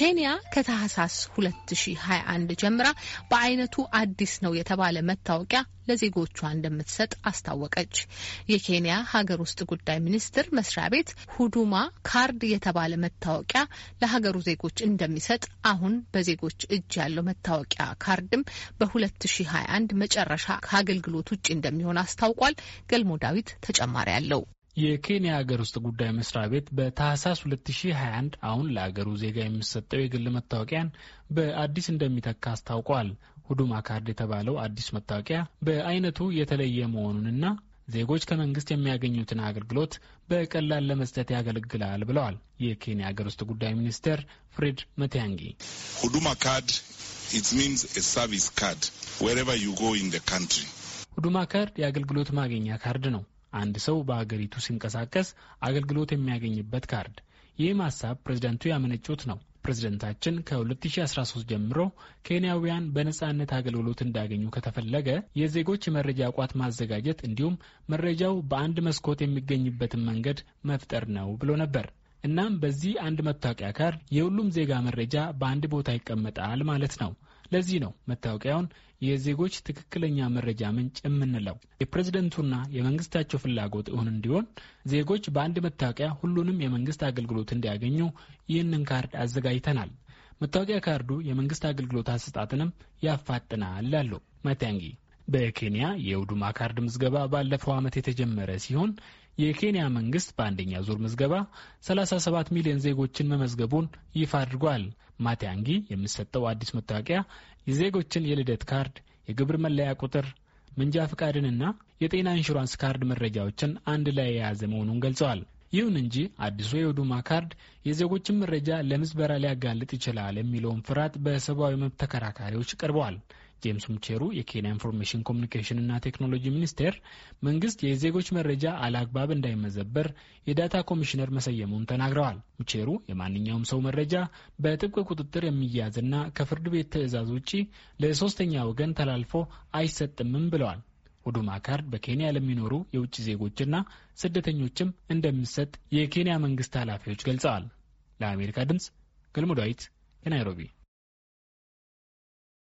ኬንያ ከታህሳስ 2021 ጀምራ በአይነቱ አዲስ ነው የተባለ መታወቂያ ለዜጎቿ እንደምትሰጥ አስታወቀች። የኬንያ ሀገር ውስጥ ጉዳይ ሚኒስቴር መስሪያ ቤት ሁዱማ ካርድ የተባለ መታወቂያ ለሀገሩ ዜጎች እንደሚሰጥ፣ አሁን በዜጎች እጅ ያለው መታወቂያ ካርድም በ2021 መጨረሻ ከአገልግሎት ውጭ እንደሚሆን አስታውቋል። ገልሞ ዳዊት ተጨማሪ አለው። የኬንያ ሀገር ውስጥ ጉዳይ መስሪያ ቤት በታህሳስ 2021 አሁን ለአገሩ ዜጋ የሚሰጠው የግል መታወቂያን በአዲስ እንደሚተካ አስታውቋል። ሁዱማ ካርድ የተባለው አዲስ መታወቂያ በአይነቱ የተለየ መሆኑንና ዜጎች ከመንግስት የሚያገኙትን አገልግሎት በቀላል ለመስጠት ያገለግላል ብለዋል የኬንያ ሀገር ውስጥ ጉዳይ ሚኒስቴር ፍሬድ መቲያንጊ። ሁዱማ ካርድ ኢት ሚንስ ሰርቪስ ካርድ ዌሬቨር ዩ ጎ ኢን ዘ ካንትሪ። ሁዱማ ካርድ የአገልግሎት ማግኛ ካርድ ነው። አንድ ሰው በአገሪቱ ሲንቀሳቀስ አገልግሎት የሚያገኝበት ካርድ። ይህም ሀሳብ ፕሬዝደንቱ ያመነጩት ነው። ፕሬዝደንታችን ከ2013 ጀምሮ ኬንያውያን በነፃነት አገልግሎት እንዳገኙ ከተፈለገ የዜጎች የመረጃ ቋት ማዘጋጀት እንዲሁም መረጃው በአንድ መስኮት የሚገኝበትን መንገድ መፍጠር ነው ብሎ ነበር። እናም በዚህ አንድ መታወቂያ ካርድ የሁሉም ዜጋ መረጃ በአንድ ቦታ ይቀመጣል ማለት ነው። ለዚህ ነው መታወቂያውን የዜጎች ትክክለኛ መረጃ ምንጭ የምንለው። የፕሬዝደንቱና የመንግስታቸው ፍላጎት እሁን እንዲሆን ዜጎች በአንድ መታወቂያ ሁሉንም የመንግስት አገልግሎት እንዲያገኙ ይህንን ካርድ አዘጋጅተናል። መታወቂያ ካርዱ የመንግስት አገልግሎት አሰጣጥንም ያፋጥናል አሉ ማቲያንጊ። በኬንያ የውዱማ ካርድ ምዝገባ ባለፈው ዓመት የተጀመረ ሲሆን የኬንያ መንግስት በአንደኛ ዙር ምዝገባ 37 ሚሊዮን ዜጎችን መመዝገቡን ይፋ አድርጓል። ማቲያንጊ የሚሰጠው አዲስ መታወቂያ የዜጎችን የልደት ካርድ፣ የግብር መለያ ቁጥር፣ መንጃ ፈቃድንና የጤና ኢንሹራንስ ካርድ መረጃዎችን አንድ ላይ የያዘ መሆኑን ገልጸዋል። ይሁን እንጂ አዲሱ የውዱማ ካርድ የዜጎችን መረጃ ለምዝበራ ሊያጋልጥ ይችላል የሚለውን ፍርሃት በሰብአዊ መብት ተከራካሪዎች ቀርበዋል። ጄምስ ሙቼሩ የኬንያ ኢንፎርሜሽን ኮሚኒኬሽን ና ቴክኖሎጂ ሚኒስቴር መንግስት የዜጎች መረጃ አለአግባብ እንዳይመዘበር የዳታ ኮሚሽነር መሰየሙን ተናግረዋል። ሙቼሩ የማንኛውም ሰው መረጃ በጥብቅ ቁጥጥር የሚያዝና ከፍርድ ቤት ትዕዛዝ ውጪ ለሶስተኛ ወገን ተላልፎ አይሰጥምም ብለዋል። ሁዱማ ካርድ በኬንያ ለሚኖሩ የውጭ ዜጎችና ስደተኞችም እንደሚሰጥ የኬንያ መንግስት ኃላፊዎች ገልጸዋል። ለአሜሪካ ድምፅ ገልሞ ከናይሮቢ